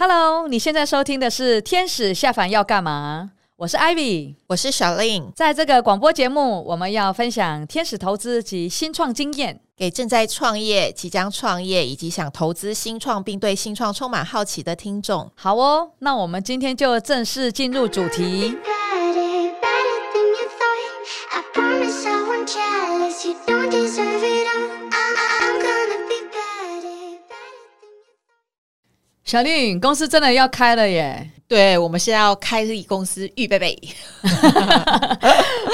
Hello，你現在收聽的是《天使下凡要幹嘛》。我是 Ivy，我是小令。在這個廣播節目，我們要分享天使投資及新創經驗，給正在創業、即將創業以及想投資新創並對新創充滿好奇的聽眾。好哦，那我們今天就正式進入主題。小林，公司真的要開了耶！對我們現在要開立公司，預備備，沒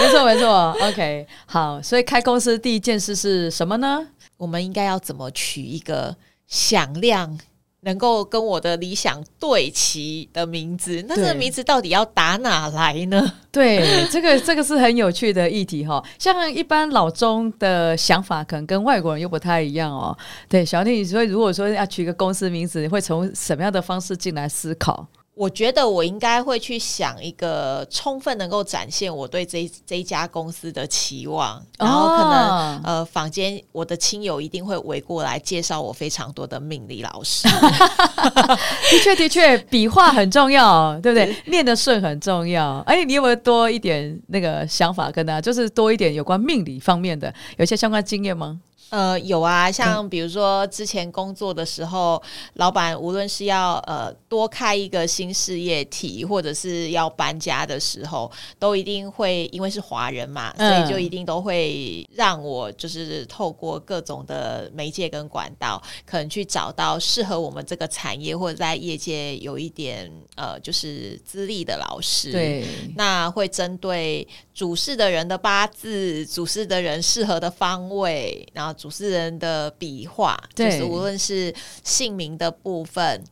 錯 沒錯。沒錯 OK，好，所以開公司第一件事是什麼呢？我們應該要怎麼取一個響亮能夠跟我的理想對齊的名字，那這個名字到底要打哪來呢？對，這個這個是很有趣的議題哈、喔。 像一般老中的想法，可能跟外國人又不太一樣哦、喔。對，小弟，你說如果說要取一個公司名字，你會從什麼樣的方式進來思考？我覺得我應該會去想一個充分能夠展現我對這這家公司的期望，哦、然後可能呃，坊間我的親友一定會圍過來介紹我非常多的命理老師。的確，的確，筆畫很重要，對不對？是念得順很重要。哎，你有沒有多一點那個想法跟他，就是多一點有關命理方面的，有些相關經驗嗎？呃，有啊，像比如說之前工作的時候，嗯、老闆無論是要呃多開一個新事業體，或者是要搬家的時候，都一定會因為是華人嘛，所以就一定都會讓我就是透過各種的媒介跟管道，可能去找到適合我們這個產業或者在業界有一點呃就是資歷的老師。對，那會針對主事的人的八字，主事的人適合的方位，然後。主持人的筆畫，對就是無論是姓名的部分。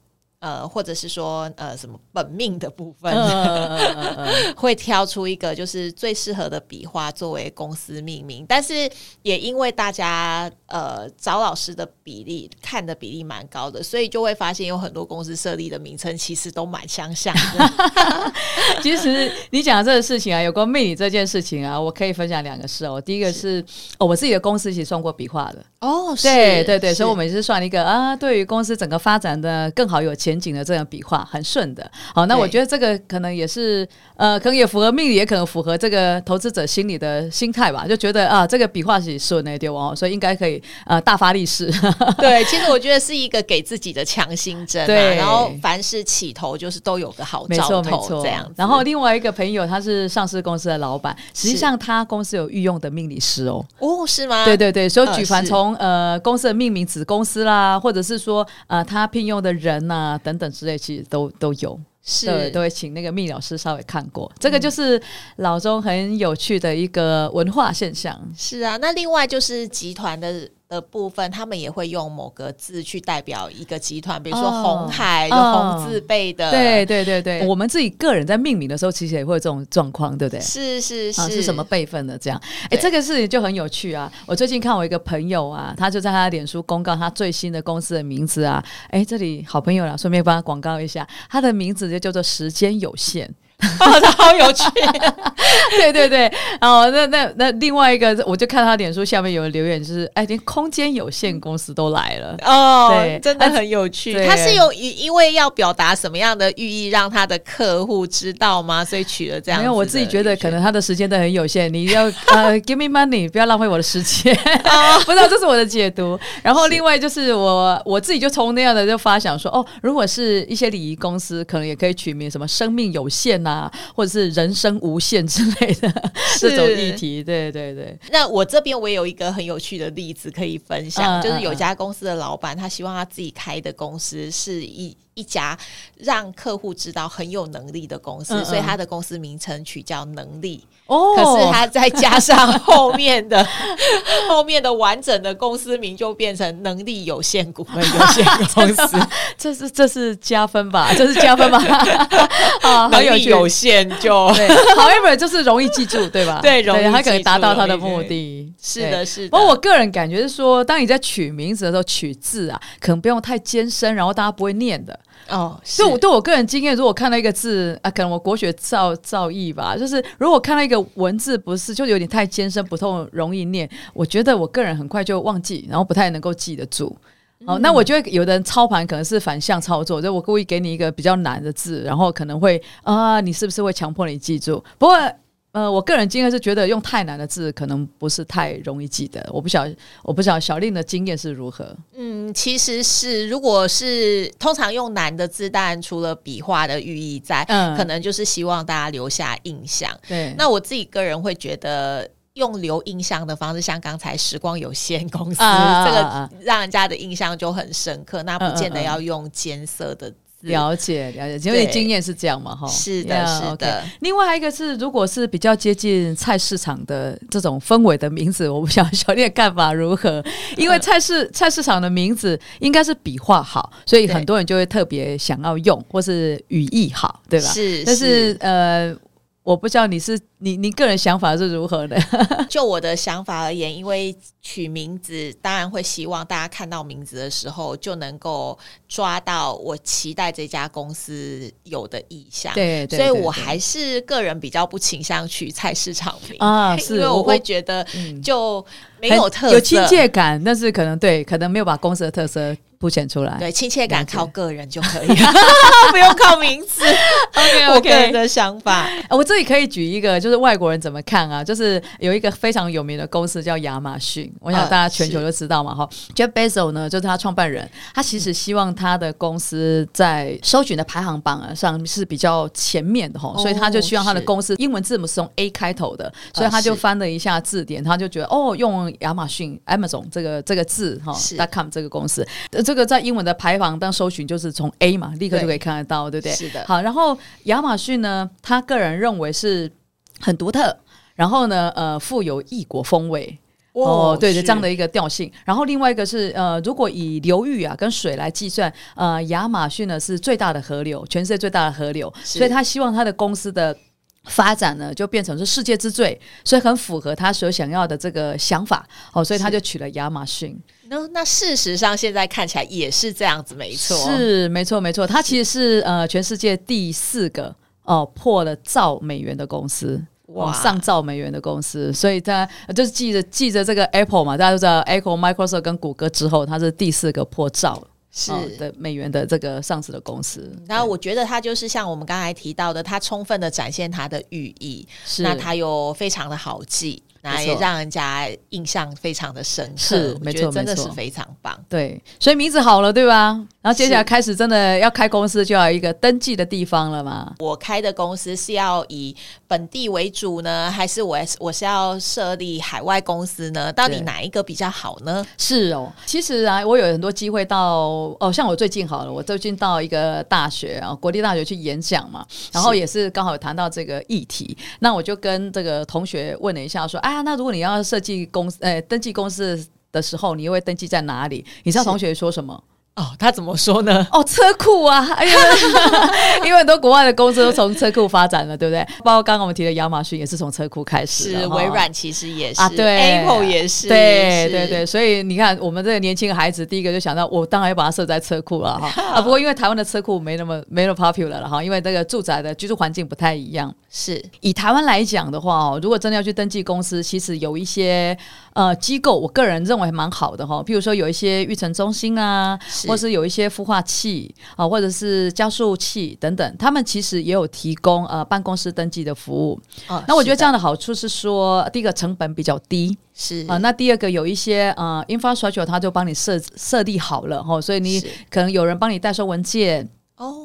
呃，或者是說呃，什麼本命的部分，嗯嗯嗯嗯、會挑出一個就是最適合的筆畫作為公司命名。但是也因為大家呃找老師的比例看的比例蠻高的，所以就會發現有很多公司設立的名稱其實都蠻相像的。 其實其實你講的這個事情啊，有關命理這件事情啊，我可以分享兩個事哦、喔。第一個是，是哦，我自己的公司其實送過筆畫的。哦是對，對對對，是所以我們也是算一個啊，對於公司整個發展的更好、有前景的這樣筆畫很順的，好，那我覺得這個可能也是對呃，可能也符合命理，也可能符合這個投資者心理的心態吧，就覺得啊，這個筆畫是順的，對吧？所以應該可以呃大發利市。對， 其實我覺得是一個給自己的強心針、啊，對然後凡事起頭就是都有個好兆頭這樣。然後另外一個朋友他是上市公司的老闆，實際上他公司有御用的命理師哦。哦，是嗎？對對對，所以舉凡從、呃呃，公司的命名、子公司啦，或者是說，呃，他聘用的人吶、啊，等等之類，其實都都有，是，對，都會請那個秘老師稍微看過，嗯、這個就是老中很有趣的一個文化現象。是啊，那另外就是集團的的部分，他們也會用某個字去代表一個集團，比如說紅海、哦、紅字輩的。對對對對，我們自己個人在命名的時候，其實也會有這種狀況，對不對？是是是，啊、是什麼輩分的這樣？哎、欸，這個事情就很有趣啊！我最近看我一個朋友啊，他就在他的臉書公告他最新的公司的名字啊。哎、欸，這裡好朋友了，順便幫他廣告一下，他的名字就叫做“時間有限”。 哦，他好有趣！ 對對對，哦，那那那另外一個，我就看他臉書下面有留言，就是哎，連空間有限公司都來了，嗯、對哦，對，真的很有趣。啊、是他是有，因為要表達什麼樣的寓意，讓他的客戶知道嗎？所以取了這樣的。因為我自己覺得，可能他的時間都很有限，你要呃、 uh,，give me money，不要浪費我的時間。 哦、 不知道這是我的解讀。然後另外就是我是我自己就從那樣的就發想說，哦，如果是一些禮儀公司，可能也可以取名什麼“生命有限、啊”吶。啊，或者是人生無限之類的是這種議題，對對對。那我這邊我也有一個很有趣的例子可以分享，嗯、就是有家公司的老闆，嗯、他希望他自己開的公司是一一家讓客戶知道很有能力的公司，所以它的公司名稱取叫“能力”。哦，可是它再加上後面的後面的完整的公司名，就變成“能力有限股份有限公司”。這是這是加分吧？這是加分吧？啊，能力有限就，however 就是容易記住，對吧？對，容易，它可以達到它的目的。是的，是的。不過我個人感覺是說，當你在取名字的時候，取字啊，可能不用太艱深，然後大家不會念的。哦，對我是對，對我個人經驗，如果看到一個字啊，可能我國學造造詣吧，就是如果看到一個文字不是就有點太艱深不痛容易念，我覺得我個人很快就忘記，然後不太能夠記得住。哦，嗯、那我覺得有的人操盤可能是反向操作，就我故意給你一個比較難的字，然後可能會啊，你是不是會強迫你記住？不過。呃，我個人經驗是覺得用太難的字可能不是太容易記得。我不曉，我不曉小令的經驗是如何。嗯，其實是如果是通常用難的字，但除了筆畫的寓意在，嗯、可能就是希望大家留下印象。對，那我自己個人會覺得用留印象的方式，像剛才時光有限公司啊啊啊啊啊這個，讓人家的印象就很深刻。那不見得要用艱澀的字。嗯嗯嗯。了解了解，因為你經驗是這樣嘛，哈對。Yeah, 是的，是的。Okay. 另外還有一個是，如果是比較接近菜市場的這種氛圍的名字，我不曉得小點看法如何？對因為菜市菜市場的名字應該是筆畫好，所以很多人就會特別想要用，對或是語意好，對吧？是是。是但是，呃，我不知道你是。你你個人想法是如何的？ 就我的想法而言，因為取名字，當然會希望大家看到名字的時候就能夠抓到我期待這家公司有的意向。對，對。對對，所以我還是個人比較不傾向取菜市場名啊，是因為我會覺得我、嗯、就沒有特色、有親切感，但是可能對，可能沒有把公司的特色凸顯出來。對，親切感靠個人就可以了，不用靠名字。OK，OK，我個人的想法、啊。我這裡可以舉一個，就是。是外國人怎麼看啊？就是有一個非常有名的公司叫亞馬遜，我想大家全球都知道嘛哈、啊。Jeff Bezos 呢，就是他創辦人，他其實希望他的公司在搜尋的排行榜上是比較前面的哈，哦、所以他就希望他的公司是英文字母是從 A 開頭的，所以他就翻了一下字典，啊、他就覺得哦，用亞馬遜 Amazon 這個這個字哈，dot com 這個公司，這個在英文的排行當搜尋就是從 A 嘛，立刻就可以看得到，對不對？對對對，是的。好，然後亞馬遜呢，他個人認為是。很獨特，然後呢，呃，富有異國風味哦，哦，對是這樣的一個調性。然後另外一個是，呃，如果以流域啊跟水來計算，呃，亞馬遜呢是最大的河流，全世界最大的河流，是所以他希望他的公司的發展呢就變成是世界之最，所以很符合他所想要的這個想法哦，所以他就取了亞馬遜。那、no, 那事實上現在看起來也是這樣子，沒錯，是沒錯沒錯，他其實是，是呃全世界第四個哦、呃、破了兆美元的公司。哇，上兆美元的公司，所以它就是記着記着這個 Apple 嘛，大家都知道 Apple、Microsoft 跟谷歌之後，它是第四個破兆的美元的這個上市的公司。然後是對我覺得它就是像我們剛才提到的，它充分的展現它的寓意，是那它又非常的好記，那也讓人家印象非常的深刻。是，沒錯，真的是非常棒。對，所以名字好了，對吧？然後接下來開始真的要開公司，就要一個登記的地方了嘛？我開的公司是要以本地為主呢，還是我我是要設立海外公司呢？到底哪一個比較好呢？是哦，其實啊，我有很多機會到哦，像我最近好了，我最近到一個大學啊、哦，國立大學去演講嘛，然後也是剛好有談到這個議題，是那我就跟這個同學問了一下，說：啊、哎，那如果你要設計公司，呃、哎，登記公司的時候，你又會登記在哪裡？你知道同學說什麼？哦，他怎麼說呢？哦，車庫啊， 因為很多國外的公司都從車庫發展了，對不對？包括剛剛我們提的亞馬遜也是從車庫開始，是微軟其實也是、啊、對，Apple 也是，對，對對對。所以你看，我們這個年輕的孩子，第一個就想到我當然要把它設在車庫了哈。嗯、啊，好不過因為台灣的車庫沒那麼沒那麼 popular 了哈，因為這個住宅的居住環境不太一樣。是。以台灣來講的話哦，如果真的要去登記公司，其實有一些。呃，機構我個人認為還蠻好的哈，譬如說有一些育成中心啊，是或是有一些孵化器啊、呃，或者是加速器等等，他們其實也有提供呃辦公室登記的服務。嗯啊、那我覺得這樣的好處是說，是的第一個成本比較低，是啊、呃。那第二個有一些呃 infrastructure，他就幫你設設立好了哈、呃，所以你可能有人幫你代收文件。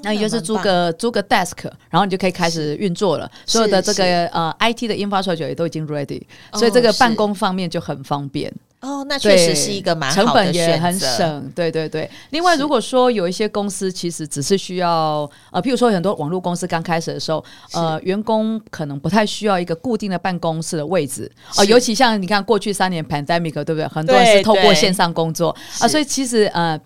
那也就是租個租個 desk，然後你就可以開始運作了。所有的這個呃，IT 的 infrastructure 也都已經 ready，所以這個辦公方面就很方便。哦，那確實是一個蠻好的選擇，成本也很省。對對對。另外，如果說有一些公司其實只是需要，呃，譬如說很多網絡公司剛開始的時候，呃，員工可能不太需要一個固定的辦公室的位置。哦，尤其像你看過去三年 pandemic，對不對？很多人是透過線上工作啊，所以其實呃。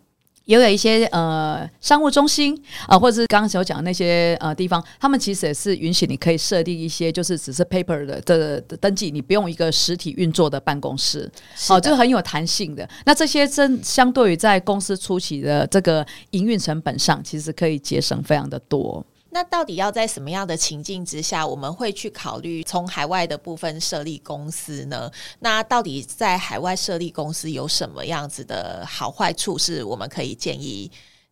也有，有一些呃商務中心啊、呃，或者是剛剛所講的那些呃地方，他們其實也是允許你可以設定一些，就是只是 paper 的的，的登記，你不用一個實體運作的辦公室，好，是的、呃，就很有彈性的。那這些真相對於在公司初期的這個營運成本上，其實可以節省非常的多。那到底要在什麼樣的情境之下，我們會去考慮從海外的部分設立公司呢？那到底在海外設立公司有什麼樣子的好壞處，是我們可以建議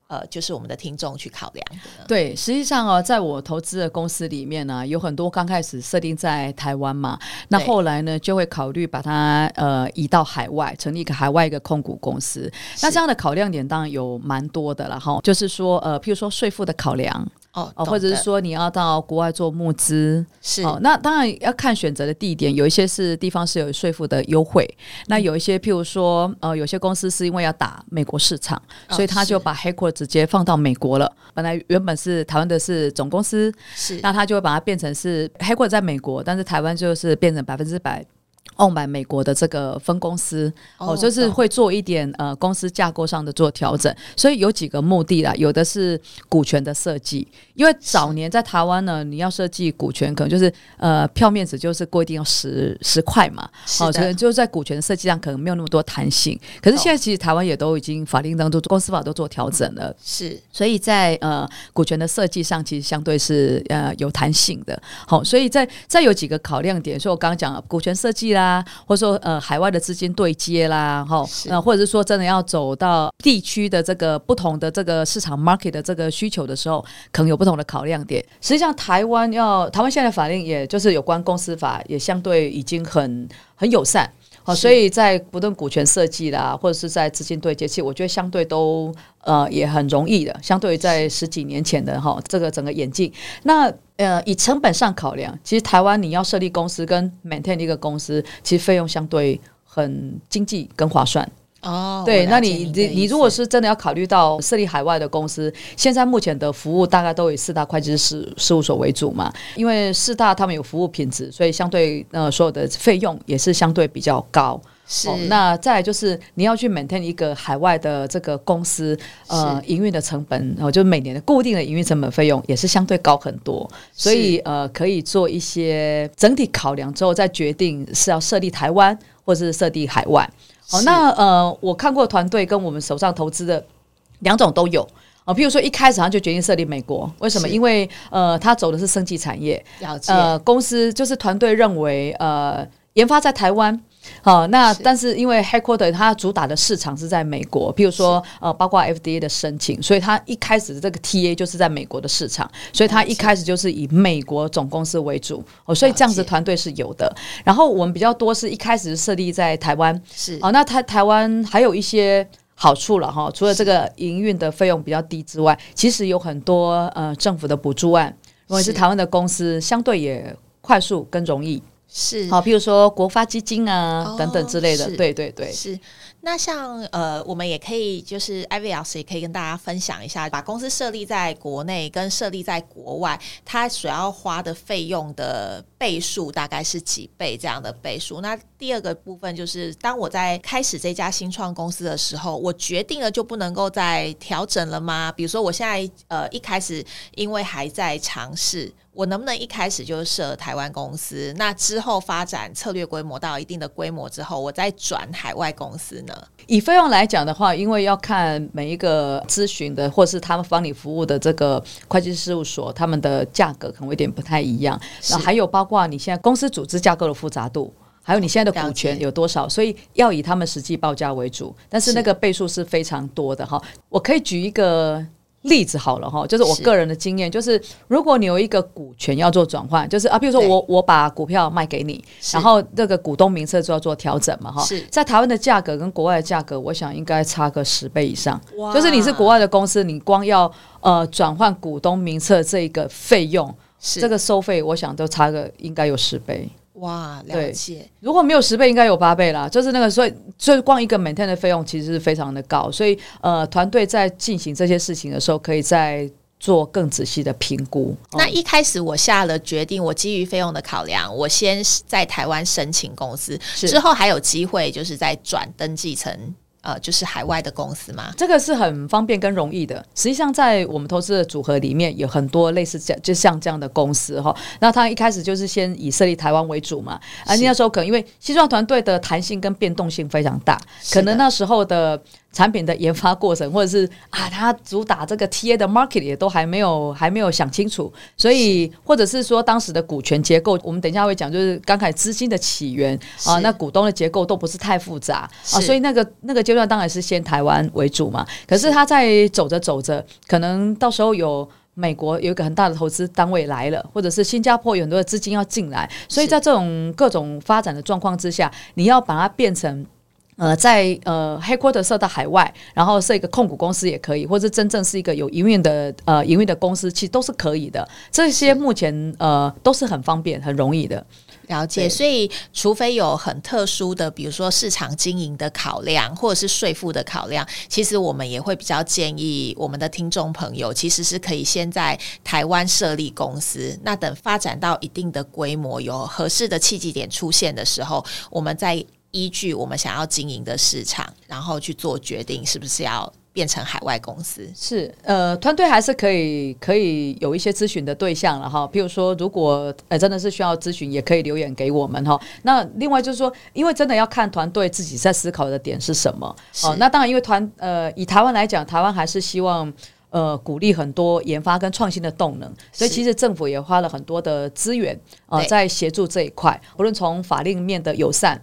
呃，就是我們的聽眾去考量？對，實際上哦，在我投資的公司裡面呢、啊，有很多剛開始設定在台灣嘛，那後來呢就會考慮把它呃移到海外，成立一個海外一個控股公司。是那這樣的考量點當然有蠻多的了哈，就是說呃，譬如說稅負的考量。哦，或者是說你要到國外做募資，是哦，那當然要看選擇的地點，有一些是地方是有稅負的優惠，嗯、那有一些譬如說，呃，有些公司是因為要打美國市場，哦、所以他就把黑殼直接放到美國了，是本來原本是台灣的是總公司，是，那他就會把它變成是黑殼在美國，但是台灣就是變成百分之百澳版美國的這個分公司，oh, 哦，就是會做一點對呃公司架構上的做調整，所以有幾個目的啦，有的是股權的設計，因為早年在台灣呢，是你要設計股權，可能就是呃票面值就是規定要十十塊嘛，哦，是的所以就在股權的設計上可能沒有那麼多彈性。可是現在其實台灣也都已經法令當中公司法都做調整了，嗯、是，所以在呃股權的設計上其實相對是呃有彈性的。好、哦，所以在再有幾個考量點，所以我剛剛講了股權設計啊，或者說呃，海外的資金對接啦，哈是、呃，或者是說真的要走到地區的這個不同的這個市場 market 的這個需求的時候，可能有不同的考量點。實際上，台灣要台灣現在的法令，也就是有關公司法，也相對已經很很友善。好、哦，所以在不論股權設計啦，或者是在資金對接器，我覺得相對都呃也很容易的。相對於在十幾年前的吼，這個整個演進，那呃以成本上考量，其實台灣你要設立公司跟 maintain 一個公司，其實費用相對很經濟跟划算。哦，oh, 對，來那你你，你如果是真的要考慮到設立海外的公司，現在目前的服務大概都以四大會計師事務所為主嘛？因為四大他們有服務品質，所以相對呃所有的費用也是相對比較高。是、哦，那再就是你要去 maintain 一個海外的這個公司，呃，營運是的成本，後、哦、就每年的固定的營運成本費用也是相對高很多，所以是呃可以做一些整體考量之後再決定是要設立台灣或者是設立海外。哦，那是呃，我看過團隊跟我們手上投資的兩種都有啊、呃。譬如說，一開始他就決定設立美國，為什麼？是因為呃，他走的是升級產業，解呃，公司就是團隊認為呃，研發在台灣。好、哦，那但是因為 headquarters 它主打的市場是在美國，譬如說是呃，包括 FDA 的申請，所以它一開始這個 TA 就是在美國的市場，所以它一開始就是以美國總公司為主，哦，所以這樣子團隊是有的。解然後我們比較多是一開始設立在台灣，是哦，那台台灣還有一些好處了哈，除了這個營運的費用比較低之外，其實有很多呃政府的補助案，如果是台灣的公司，相對也快速更容易。是好，比如說國發基金啊、哦、等等之類的，是對對對。是那像呃，我們也可以就是 Ivy LC 也可以跟大家分享一下，把公司設立在國內跟設立在國外，它所要花的費用的倍數大概是幾倍這樣的倍數。那第二個部分就是，當我在開始這家新創公司的時候，我決定了就不能夠再調整了嗎？比如說我現在呃一開始因為還在嘗試。我能不能一開始就設台灣公司？那之後發展策略規模到一定的規模之後，我再轉海外公司呢？以費用來講的話，因為要看每一個諮詢的或是他們幫你服務的這個會計事務所，他們的價格可能有點不太一樣。是然後還有包括你現在公司組織架構的複雜度，還有你現在的股權有多少，解所以要以他們實際報價為主。但是那個倍數是非常多的哈，是我可以舉一個。例子好了哈，就是我個人的經驗，是就是如果你有一個股權要做轉換，就是啊，譬如說我對我把股票賣給你，是然後這個股東名冊就要做調整嘛哈。是在台灣的價格跟國外的價格，我想應該差個十倍以上。哇就是你是國外的公司，你光要呃轉換股東名冊這個費用，是這個收費，我想都差個應該有十倍。哇，了解。如果沒有十倍，應該有八倍啦。就是那個，所以所以光一個每天 ain 的費用其實是非常的高。所以呃，團隊在進行這些事情的時候，可以再做更仔細的評估。那一開始我下了決定，我基於費用的考量，我先在台灣申請公司，是之後還有機會，就是在轉登記成。呃，就是海外的公司嘛，這個是很方便跟容易的。實際上，在我們投資的組合裡面，有很多類似這樣、就像這樣的公司哈。那他一開始就是先以設立台灣為主嘛，是而那時候可能因為西裝團隊的彈性跟變動性非常大，的可能那時候的。產品的研發過程，或者是啊，它主打這個 TA 的 market 也都還沒有還沒有想清楚，所以是或者是說當時的股權結構，我們等一下會講，就是剛才資金的起源是啊，那股東的結構都不是太複雜是啊，所以那個那個階段當然是先台灣為主嘛。是可是他在走着走着，可能到時候有美國有一個很大的投資單位來了，或者是新加坡有很多的資金要進來，所以在這種各種發展的狀況之下，你要把它變成。呃，在呃 headquarter 設到海外，然後設一個控股公司也可以，或者真正是一個有營運的呃營運的公司，其實都是可以的。這些目前是呃都是很方便、很容易的。了解，所以除非有很特殊的，比如說市場經營的考量，或者是稅負的考量，其實我們也會比較建議我們的聽眾朋友，其實是可以先在台灣設立公司，那等發展到一定的規模，有合適的契機點出現的時候，我們再。依據我們想要經營的市場，然後去做決定，是不是要變成海外公司？是，呃，團隊還是可以可以有一些諮詢的對象了哈。譬如說，如果呃、欸、真的是需要諮詢，也可以留言給我們哈。那另外就是說，因為真的要看團隊自己在思考的點是什麼。哦是、呃，那當然，因為團呃以台灣來講，台灣還是希望呃鼓勵很多研發跟創新的動能，是所以其實政府也花了很多的資源啊，呃、對在協助這一塊，不論從法令面的友善。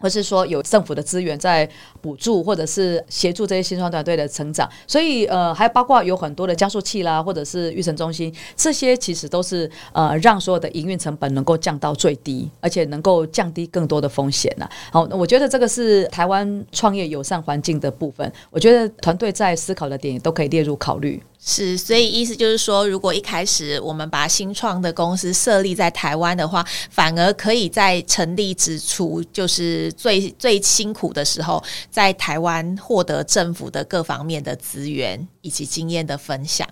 或是說有政府的資源在補助，或者是協助這些新創團隊的成長，所以呃，還包括有很多的加速器啦，或者是育成中心，這些其實都是呃，讓所有的營運成本能夠降到最低，而且能夠降低更多的風險呢。好，那我覺得這個是台灣創業友善環境的部分，我覺得團隊在思考的點也都可以列入考慮。是，所以意思就是說，如果一開始我們把新創的公司設立在台灣的話，反而可以在成立之初就是。最最辛苦的時候，在台灣獲得政府的各方面的資源以及經驗的分享，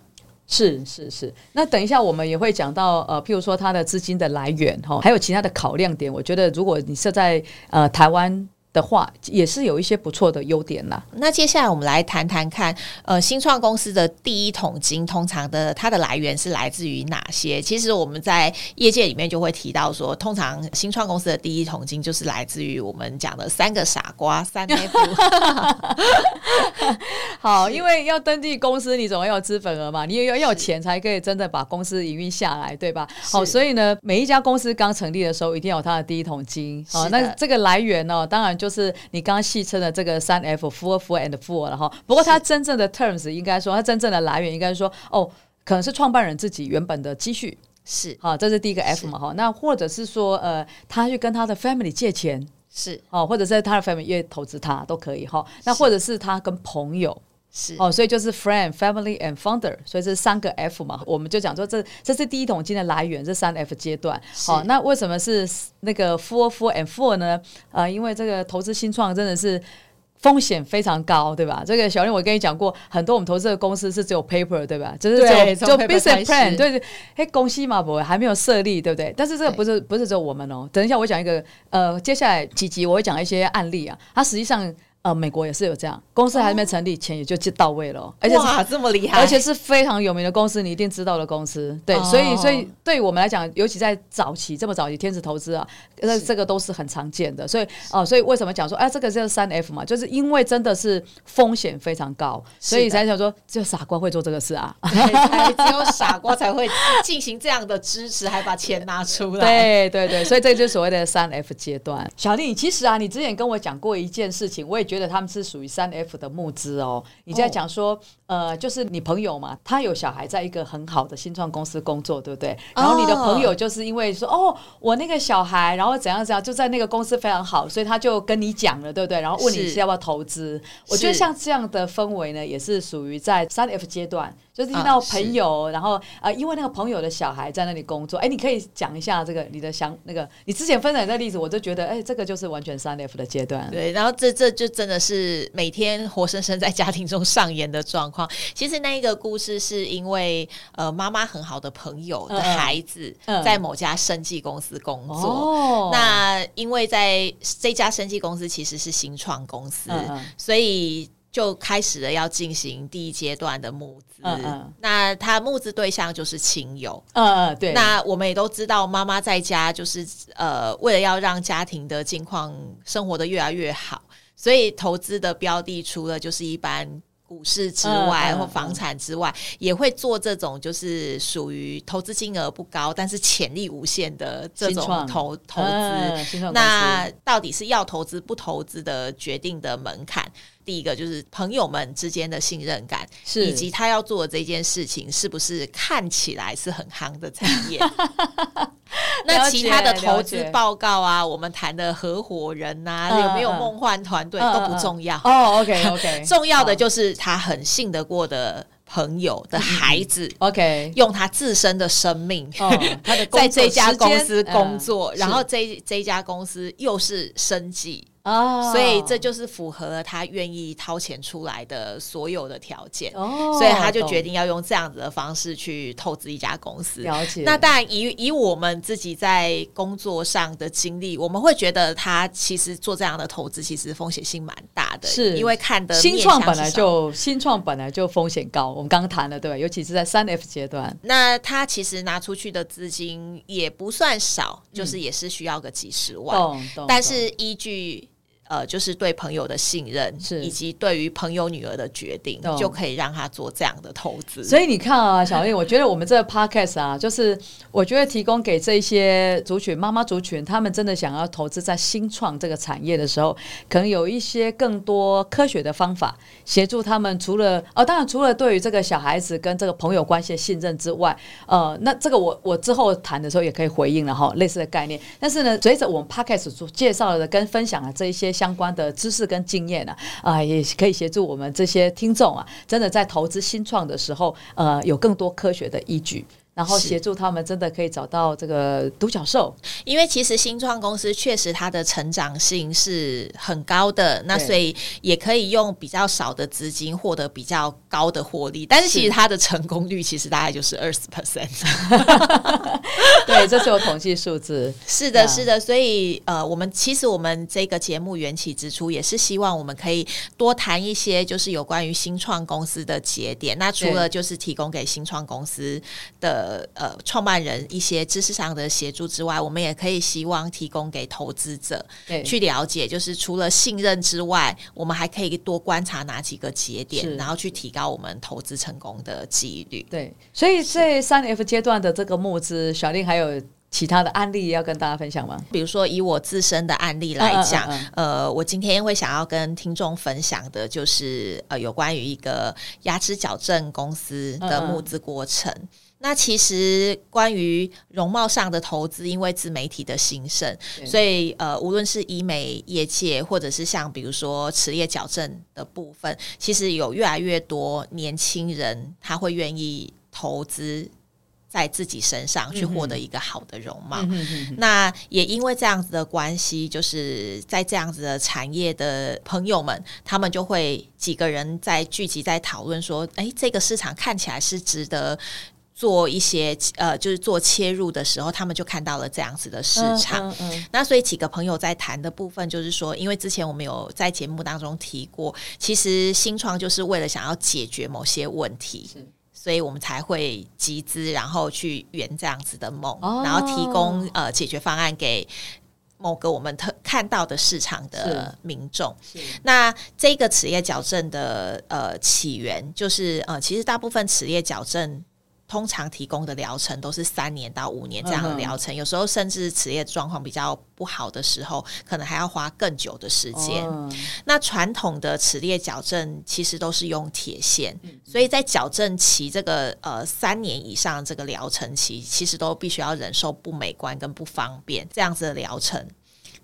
是是是。那等一下我們也會講到，呃，譬如說他的資金的來源哈，還有其他的考量點。我覺得如果你設在呃台灣。的話也是有一些不錯的優點啦。那接下來我們來談談看，呃，新創公司的第一桶金通常的它的來源是來自於哪些？其實我們在業界裡面就會提到說，通常新創公司的第一桶金就是來自於我們講的三個傻瓜三 A 股。 好，是因為要登記公司，你總要有資本額嘛，你也要要有錢才可以真的把公司營運下來，對吧？是好，所以呢，每一家公司剛成立的時候，一定要有它的第一桶金。好、呃，的那這個來源呢、哦，當然就是。就是你剛剛戲稱的這個三 F four four and four 了哈。不過他真正的 terms 應該說，他真正的來源應該說，哦，可能是創辦人自己原本的積蓄，是啊，這是第一個 F 嘛是哈。那或者是說，呃，他去跟他的 family 借錢，是哦，或者是他的 family 也投資他都可以哈。那或者是他跟朋友。是哦，所以就是 friend, family and founder，所以是三個 F 嘛，我們就講說這這是第一桶金的來源，這三 F 階段。好是、哦，那為什麼是那個 four, four and four 呢？啊、呃，因為這個投資新創真的是風險非常高，對吧？這個小林，我跟你講過，很多我們投資的公司是只有 paper，對吧？就是就 business plan，對。嘿，公司嘛，伯伯還沒有設立，對不對？但是這個不是對不是只有我們哦。等一下，我講一個呃，接下來幾集我會講一些案例啊。它實際上。呃，美國也是有這樣，公司還沒成立，哦、錢也就到位了，而且哇這麼厲害，而且是非常有名的公司，你一定知道的公司。對，哦、所以所以對我們來講，尤其在早期這麼早期天使投資啊，那是這個都是很常見的。所以哦是、呃，所以為什麼講說，哎、呃，這個叫三 F 嘛，就是因為真的是風險非常高，所以才想說的只有傻瓜會做這個事啊。對對，只有傻瓜才會進行這樣的支持， 還把錢拿出來。對對對，所以這就是所謂的三 F 階段。小麗，其實啊，你之前跟我講過一件事情，我也。覺得他們是屬於三 F 的募資哦。你在講說，呃，就是你朋友嘛，他有小孩在一個很好的新創公司工作，對不對？然後你的朋友就是因為說，哦，我那個小孩，然後怎樣怎樣，就在那個公司非常好，所以他就跟你講了，對不對？然後問你是要不要投資？我覺得像這樣的氛圍呢，也是屬於在三 F 階段。就是遇到朋友，嗯、然後呃，因為那個朋友的小孩在那裡工作，哎，你可以講一下這個你的想那個，你之前分享的例子，我就覺得哎，這個就是完全三 F 的階段。對，然後這這就真的是每天活生生在家庭中上演的狀況。其實那一個故事是因為呃媽媽很好的朋友的孩子在某家生技公司工作，嗯嗯哦、那因為在這家生技公司其實是新創公司，嗯嗯、所以。就開始了要進行第一階段的募資，uh, uh, 那他募資對象就是親友。呃、uh, uh, 對。那我們也都知道，媽媽在家就是呃，為了要讓家庭的境況生活得越來越好，所以投資的標的除了就是一般股市之外，uh, uh, uh, 或房產之外，也會做這種就是屬於投資金額不高，但是潛力無限的這種投創投資。Uh, 那到底是要投資不投資的決定的門檻？第一個就是朋友們之間的信任感，以及他要做的這件事情是不是看起來是很夯的產業？那其他的投資報告啊，我們談的合夥人吶，有沒有夢幻團隊都不重要哦。OK OK，重要的就是他很信得過的朋友的孩子，OK，用他自身的生命，他的在這家公司工作，然後這這家公司又是生計。哦，oh, 所以這就是符合他願意掏錢出來的所有的條件，oh, 所以他就決定要用這樣子的方式去投資一家公司。了解。那當然以，以以我們自己在工作上的經歷，我們會覺得他其實做這樣的投資，其實風險性蠻大的，是因為看的少新創本來就新創本來就風險高。我們剛剛談了對，尤其是在三 F 階段，那他其實拿出去的資金也不算少，就是也是需要個幾十萬。嗯、懂，懂，但是依據。呃，就是對朋友的信任，是以及對於朋友女兒的決定，對就可以讓他做這樣的投資。所以你看啊，小麗，我覺得我們這個 Podcast 啊， 就是我覺得提供給這些族群、媽媽族群，他們真的想要投資在新創這個產業的時候，可能有一些更多科學的方法協助他們。除了哦，當然除了對於這個小孩子跟這個朋友關係的信任之外，呃，那這個我我之後談的時候也可以回應了齁，類似的概念。但是呢，隨着我們 Podcast 做介紹了跟分享的這一些。相關的知識跟經驗呢，啊，啊，也可以協助我們這些聽眾啊，真的在投資新創的時候，呃，有更多科學的依據。然後協助他們真的可以找到這個獨角獸，因為其實新創公司確實它的成長性是很高的，對那所以也可以用比較少的資金獲得比較高的獲利。是但是其實它的成功率其實大概就是二十 percent，對，這是我統計數字。是的，Yeah 是的，所以呃，我們其實我們這個節目緣起之初也是希望我們可以多談一些就是有關於新創公司的節點。那除了就是提供給新創公司的。呃呃，創辦人一些知識上的協助之外，我們也可以希望提供給投資者去了解，就是除了信任之外，我們還可以多觀察哪幾個節點，是然後去提高我們投資成功的幾率。對，所以這三 F 階段的這個募資，小令還有其他的案例要跟大家分享嗎？比如說以我自身的案例來講，啊啊啊啊呃，我今天會想要跟聽眾分享的就是呃，有關於一個牙齒矯正公司的募資過程。啊啊那其實關於容貌上的投資，因為自媒體的興盛，對所以呃，無論是醫美業界，或者是像比如說職業矯正的部分，其實有越來越多年輕人他會願意投資在自己身上去獲得一個好的容貌。嗯、哼那也因為這樣子的關係，就是在這樣子的產業的朋友們，他們就會幾個人在聚集在討論說，誒，這個市場看起來是值得。做一些呃，就是做切入的時候，他們就看到了這樣子的市場。嗯嗯嗯、那所以幾個朋友在談的部分，就是說，因為之前我們有在節目當中提過，其實新創就是為了想要解決某些問題，是所以我們才會集資，然後去圓這樣子的夢，哦、然後提供呃解決方案給某個我們特看到的市場的民眾。是是那這個齒顎矯正的呃起源，就是呃，其實大部分齒顎矯正。通常提供的療程都是三年到五年這樣的療程，uh huh. 有時候甚至齒列狀況比較不好的時候，可能還要花更久的時間。Uh huh. 那傳統的齒列矯正其實都是用鐵線，uh huh. 所以在矯正期這個呃三年以上這個療程期，其實都必須要忍受不美觀跟不方便這樣子的療程。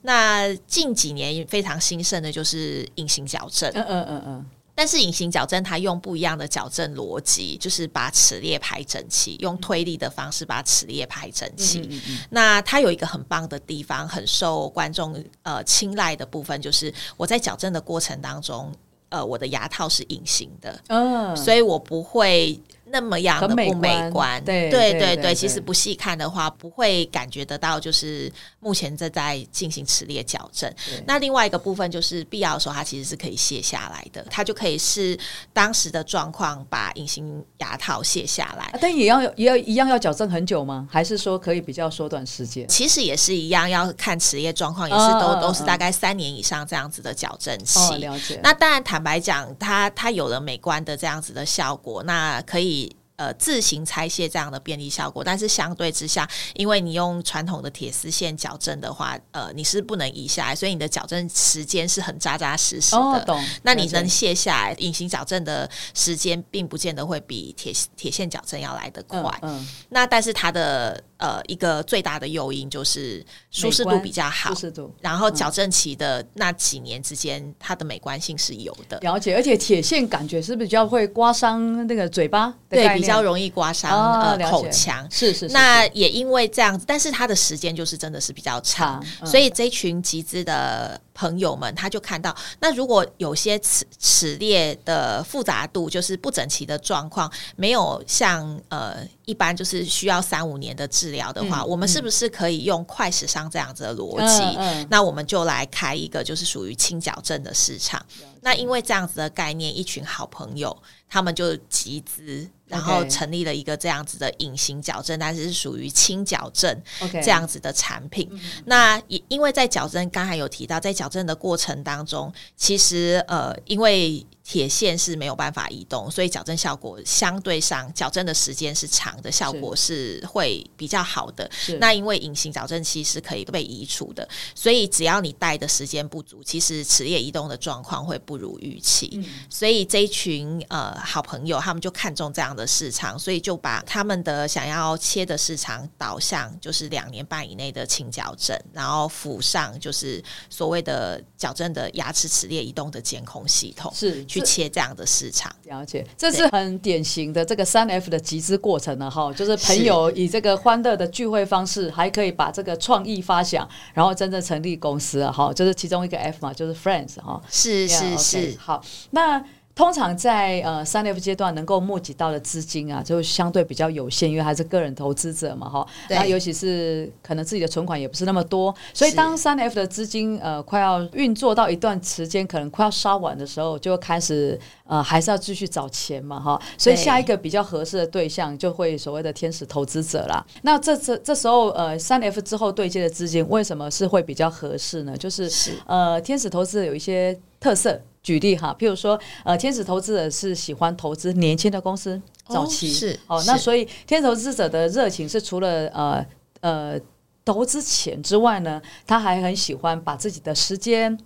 那近幾年非常興盛的就是隱形矯正，嗯嗯嗯嗯。Uh uh uh. 但是隱形矯正它用不一樣的矯正邏輯，就是把齒列排整齊，用推力的方式把齒列排整齊。嗯嗯嗯嗯，那它有一個很棒的地方，很受觀眾呃青睞的部分，就是我在矯正的過程當中，呃，我的牙套是隱形的，嗯、哦，所以我不會。那麼樣的不美觀，對對對，其實不細看的話，不會感覺得到，就是目前正在進行齒列矯正。那另外一個部分就是，必要的時候它其實是可以卸下來的，它就可以是當時的狀況把隱形牙套卸下來。但也要也要一樣要矯正很久嗎？還是說可以比較縮短時間？其實也是一樣，要看齒列狀況，也是都都是大概三年以上這樣子的矯正期。了解。那當然，坦白講，它它有了美觀的這樣子的效果，那可以。呃，自行拆卸這樣的便利效果，但是相對之下，因為你用傳統的鐵絲線矯正的話，呃，你是不能移下來，所以你的矯正時間是很扎扎實實的。哦、懂、那你能卸下來？隱形矯正的時間並不見得會比鐵鐵線矯正要來得快。嗯嗯、那但是它的。呃，一個最大的誘因就是舒適度比較好，美觀，然後矯正期的那幾年之間，它的美觀性是有的、嗯，了解。而且鐵線感覺是比較會刮傷那個嘴巴。對，比較容易刮傷、啊、呃口腔。是是、是、是，那也因為這樣，但是它的時間就是真的是比較長，啊嗯、所以這一群集資的。朋友們，他就看到，那如果有些齒齒列的複雜度，就是不整齊的狀況，沒有像呃一般就是需要三五年的治療的話，嗯、我們是不是可以用快時尚這樣子的邏輯？嗯嗯、那我們就來開一個就是屬於輕矯正的市場。嗯嗯、那因為這樣子的概念，一群好朋友。他們就集資，然後成立了一個這樣子的隱形矯正，Okay. 但是是屬於輕矯正這樣子的產品。Okay. 那因因為在矯正，剛才有提到，在矯正的過程當中，其實呃，因為。鐵線是沒有辦法移動，所以矯正效果相對上矯正的時間是長的，效果是會比較好的。是那因為隱形矯正器是可以被移除的，所以只要你戴的時間不足，其實齒列移動的狀況會不如預期。嗯、所以這一群呃好朋友，他們就看中這樣的市場，所以就把他們的想要切的市場導向就是兩年半以內的輕矯正，然後附上就是所謂的矯正的牙齒齒列移動的監控系統是。去切這樣的市場，了解，這是很典型的這個三 F 的集資過程了哈，對就是朋友以這個歡樂的聚會方式，還可以把這個創意發想，然後真正成立公司哈，就是其中一個 F 嘛，就是 Friends 哈，是是 Yeah, okay, 是，好那。通常在呃三 F 階段能夠募集到的資金啊，就相對比較有限，因為還是個人投資者嘛，哈。對。那尤其是可能自己的存款也不是那麼多，所以當三 F 的資金呃快要運作到一段時間，可能快要燒完的時候，就開始呃還是要繼續找錢嘛，哈。所以下一個比較合適的對象就會所謂的天使投資者啦。那這這這時候呃三 F 之後對接的資金為什麼是會比較合適呢？就是是呃天使投資者有一些特色。舉例哈，譬如說，呃，天使投資者是喜歡投資年輕的公司、哦、早期，是哦，是那所以天使投資者的熱情是除了呃呃投資錢之外呢，他還很喜歡把自己的時間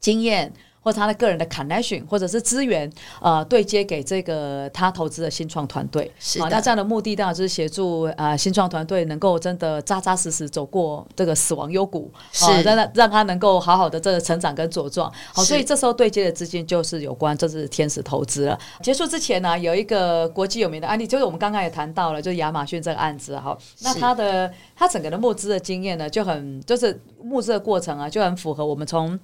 經驗。或者他的個人的 connection，或者是資源，呃，對接給這個他投資的新創團隊。是的好，那這樣的目的當然就是協助啊、呃，新創團隊能夠真的扎扎實實走過這個死亡幽谷，是啊，讓讓他能夠好好的這個成長跟茁壯。好是、哦，所以這時候對接的資金就是有關這、就是天使投資了。結束之前呢、啊，有一個國際有名的案例，就是我們剛剛也談到了，就是亞馬遜這個案子。哈，那他的是他整個的募資的經驗呢，就很就是募資的過程啊，就很符合我們從。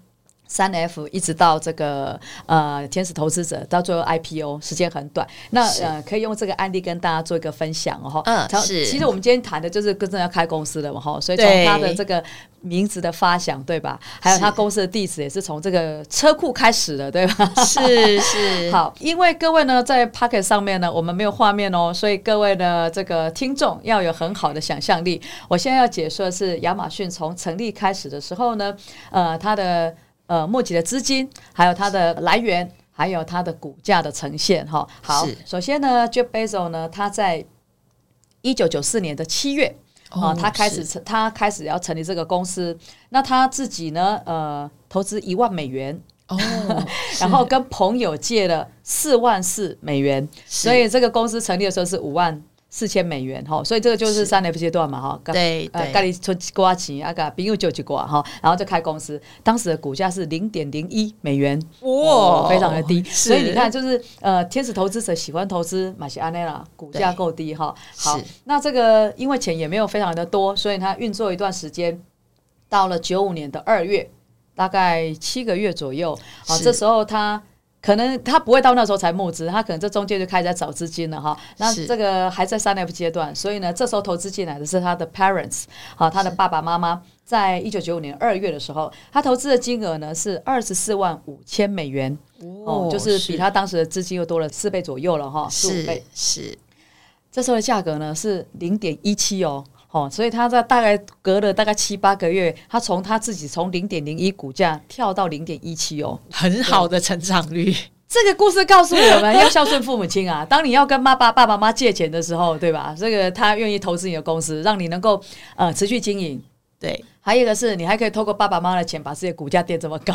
三 F 一直到這個呃天使投資者到最後 IPO 時間很短，那是呃可以用這個案例跟大家做一個分享哦。嗯，是。其實我們今天談的就是真正要開公司的嘛哈，所以從他的這個名字的發想對，對吧？還有他公司的地址也是從這個車庫開始的對吧？是是。是 好，因為各位呢在 Pocket 上面呢，我們沒有畫面哦，所以各位的這個聽眾要有很好的想象力。我現在要解說的是亞馬遜從成立開始的時候呢，呃，他的。呃，募集的資金，還有它的來源，的還有它的股價的呈現，哈。好，是首先呢，Jeff Bezos 呢，他在一九九四年的七月啊，哦呃，他開始成，是他開始要成立這個公司。那他自己呢，呃，投資一萬美元，哦，呵呵是然後跟朋友借了四萬四美元，是所以這個公司成立的時候是五萬四千美元哈，所以這個就是三 F 階段嘛哈。對對，蓋里存幾多錢啊？蓋比有幾多錢哈？然後就開公司，當時的股價是零點零一美元，哇、哦，非常的低。是所以你看，就是呃，天使投資者喜歡投資，馬西阿內拉股價夠低哈。對好，是那這個因為錢也沒有非常的多，所以他運作一段時間，到了九五年的二月，大概七個月左右，好是、啊，這時候他。可能他不會到那時候才募資，他可能這中間就開始在找資金了哈。那這個還在三 F 階段，所以呢，這時候投資進來的是他的 parents，好，他的爸爸媽媽，在一九九五年二月的時候，他投資的金額呢是二十四萬五千美元，哦，就是比他當時的資金又多了四倍左右了哈，四倍，是。這時候的價格呢是零點一七哦。哦，所以他在大概隔了大概七八個月，他從他自己從零點零一股價跳到零點一七哦，很好的成長率。這個故事告訴我們 要孝順父母親啊，當你要跟爸爸、爸爸媽媽借錢的時候，對吧？這個他願意投資你的公司，讓你能夠呃持續經營。對，還有一個是你還可以透過爸爸媽媽的錢，把自己的股價墊這麼高，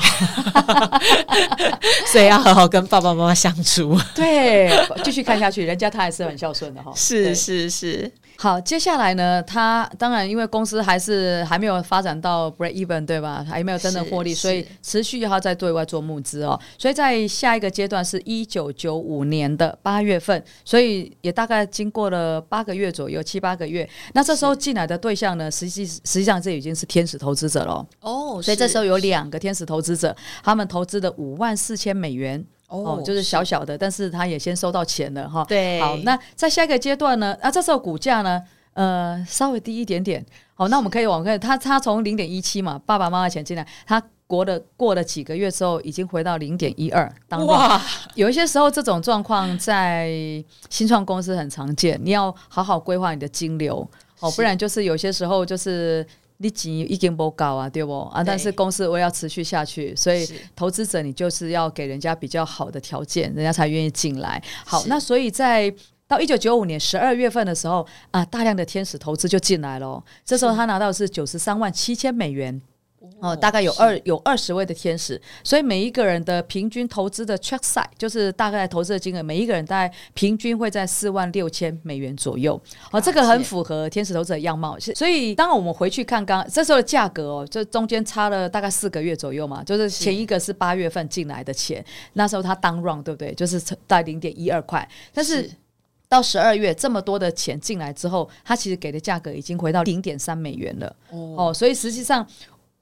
所以要好好跟爸爸媽媽相處。對，繼續看下去，人家他還是很孝順的哈、哦。 對是是是。好，接下來呢，他當然因為公司還是還沒有發展到 break even 對吧？還沒有真正獲利，所以持續還要在對外做募資哦、喔。所以在下一個階段是1995年的八月份，所以也大概經過了八個月左右，七八個月。那這時候進來的對象呢，是實際實際上這已經是天使投資者了哦。Oh, 所以這時候有兩個天使投資者，是他們投資的五萬四千美元。Oh, 哦，就是小小的，是但是他也先收到錢了哈。對，好，那在下一個階段呢？啊，這時候股價呢，呃，稍微低一點點。好，哦，那我們可以往看是，他他從零點一七嘛，爸爸媽媽錢進來，他過了過了幾個月之後，已經回到零點一二。哇，有一些時候這種狀況在新創公司很常見，你要好好規劃你的金流，哦，是不然就是有些時候就是。你錢已經不夠啊，對不啊？但是公司我要持續下去，對所以投資者你就是要給人家比較好的條件，人家才願意進來。好，是那所以在到一九九五年十二月份的時候啊，大量的天使投資就進來嘍。這時候他拿到是九十三萬七千美元。哦，大概有二、哦、有二十位的天使，所以每一個人的平均投資的 check size 就是大概投資的金額，每一個人大概平均會在四萬六千美元左右。哦，這個很符合天使投資者樣貌。所以當我們回去看剛這時候的價格哦，這中間差了大概四個月左右嘛，就是前一個是八月份進來的錢，是那時候它 down round 對不對？就是在零點一二塊，但是，是到十二月這麼多的錢進來之後，它其實給的價格已經回到零點三美元了。嗯、哦，所以實際上。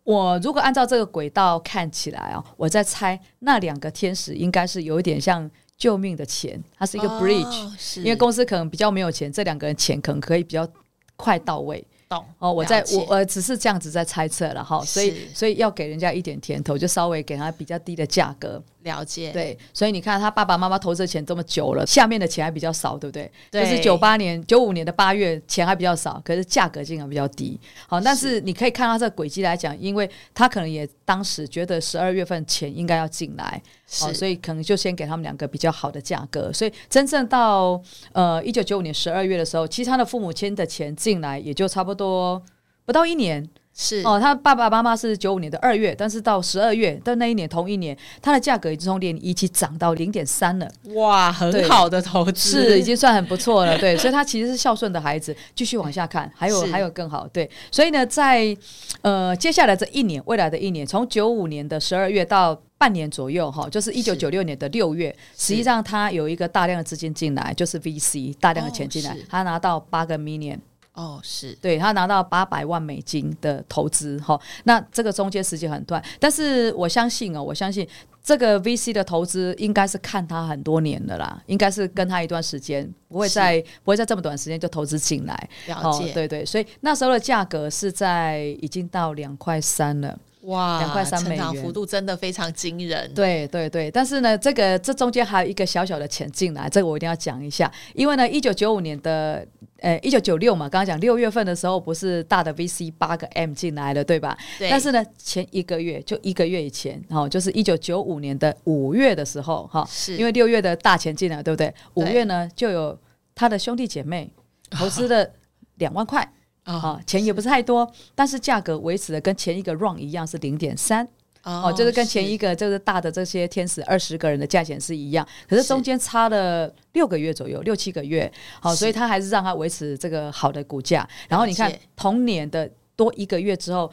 我如果按照這個軌道看起來哦、啊，我在猜那兩個天使應該是有一點像救命的錢，它是一個 bridge，、哦、是、因為公司可能比較沒有錢，這兩個人錢可能可以比較快到位。哦，我在解我呃，只是這樣子在猜測了哈，是所以所以要給人家一點甜頭，就稍微給他比較低的價格。了解，對，所以你看他爸爸媽媽投資的錢這麼久了，下面的錢還比較少，對不對？對，就是九八年九五年的八月，錢還比較少，可是價格竟然比較低。好，但是你可以看到這個軌跡來講，因為他可能也。當時覺得十二月份錢應該要進來，好是、哦，所以可能就先給他們兩個比較好的價格。所以真正到呃一九九五年十二月的時候，其實他的父母親的錢進來也就差不多不到一年。是哦，他爸爸媽媽是九五年的二月，但是到十二月，但那一年同一年，他的價格已經從零一起漲到零點三了。哇，很好的投資，是已經算很不錯了。對， 所以他其實是孝順的孩子。繼續往下看，還有是還有更好。對，所以呢，在呃接下來這一年，未來的一年，從九五年的十二月到半年左右哈、哦，就是一九九六年的六月，是實際上他有一個大量的資金進來，就是 VC，大量的錢進來，哦、他拿到八個 million。哦，是對，他拿到八百萬美金的投資哈、哦，那這個中間時間很短，但是我相信哦，我相信這個 VC 的投資應該是看他很多年的啦，應該是跟他一段時間，不會在是不會在這麼短時間就投資進來。然後了解、哦、對對，所以那時候的價格是在已經到兩塊三了。哇，兩塊三美元，成長幅度真的非常驚人。對對對，但是呢，這個這中間還有一個小小的錢進來，這個我一定要講一下，因為呢，一九九五年的，呃、欸，一九九六嘛，剛剛講六月份的時候不是大的 VC 八個 M 進來了，對吧？對。但是呢，前一個月就一個月以前，哦，就是一九九五年的五月的時候，哈，是，因為六月的大錢進來，對不對？五月呢，對就有他的兄弟姐妹投資的兩萬塊。 啊，錢、哦，也不是太多，是但是價格維持的，跟前一個 run 一樣是零點三，哦，就是跟前一個就是大的這些天使二十個人的價錢是一樣，是可是中間差了六個月左右，六七個月，好是、哦，所以他還是讓他維持這個好的股價，是然後你看解同年的多一個月之後。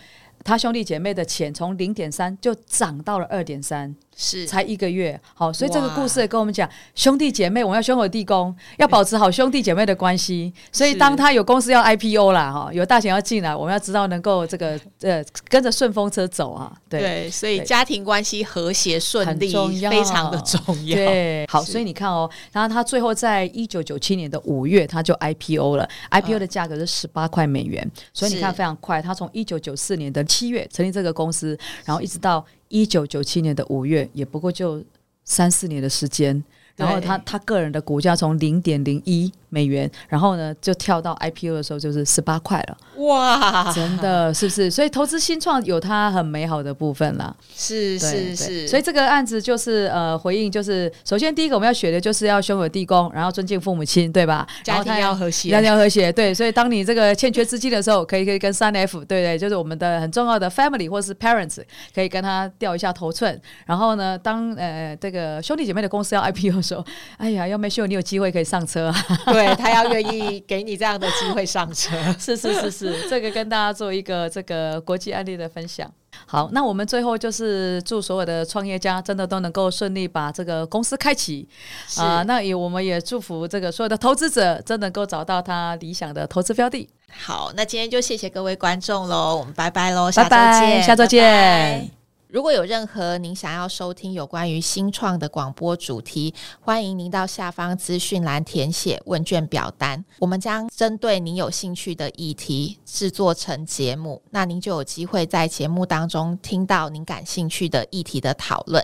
他兄弟姐妹的錢從零點三就漲到了二點三，是才一個月。好，所以這個故事也跟我們講：哇兄弟姐妹，我們要兄友弟恭，對要保持好兄弟姐妹的關係。所以，當他有公司要 IPO 啦，哈，有大錢要進來，我們要知道能夠這個呃跟着順風車走啊。對，對所以家庭關係和諧順利，啊、非常的重要。對，好，是所以你看哦、喔，然後他最後在一九九七年的五月，他就 IPO 了，嗯、，IPO 的價格是十八塊美元。所以你看非常快，他從一九九四年的。七月成立這個公司，然後一直到一九九七年的五月，是也不過就三四年的時間。對然後他他個人的股價從零點零一。美元，然後呢，就跳到 IPO 的時候就是十八塊了。哇，真的是不是？所以投資新創有它很美好的部分啦。是，對是是是。所以這個案子就是呃回應，就是首先第一個我們要學的就是要兄友弟恭，然後尊敬父母親，對吧？家庭要和諧，家庭要和諧。對，所以當你這個欠缺資金的時候，可以可以跟三 F，對對，就是我們的很重要的 family 或是 parents，可以跟他調一下頭寸。然後呢，當呃這個兄弟姐妹的公司要 IPO 的時候，哎呀，要沒修，你有機會可以上車。哈哈對，他要願意給你這樣的機會上車， 是是是是，這個跟大家做一個這個國際案例的分享。好，那我們最後就是祝所有的創業家真的都能夠順利把這個公司開啟啊是、呃！那也我們也祝福這個所有的投資者真的能夠找到他理想的投資標的。好，那今天就謝謝各位觀眾嘍，我們拜拜嘍，拜拜，下週見。如果有任何您想要收聽有關於新創的廣播主題，歡迎您到下方資訊欄填寫問卷表單，我們將針對您有興趣的議題製作成節目，那您就有機會在節目當中聽到您感興趣的議題的討論。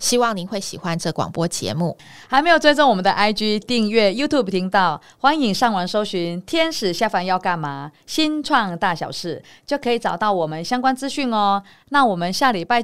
希望您會喜歡這廣播節目。還沒有追蹤我們的 IG，訂閱 YouTube 頻道，歡迎上網搜尋“天使下凡要幹嘛”，新創大小事就可以找到我們相關資訊哦。那我們下禮拜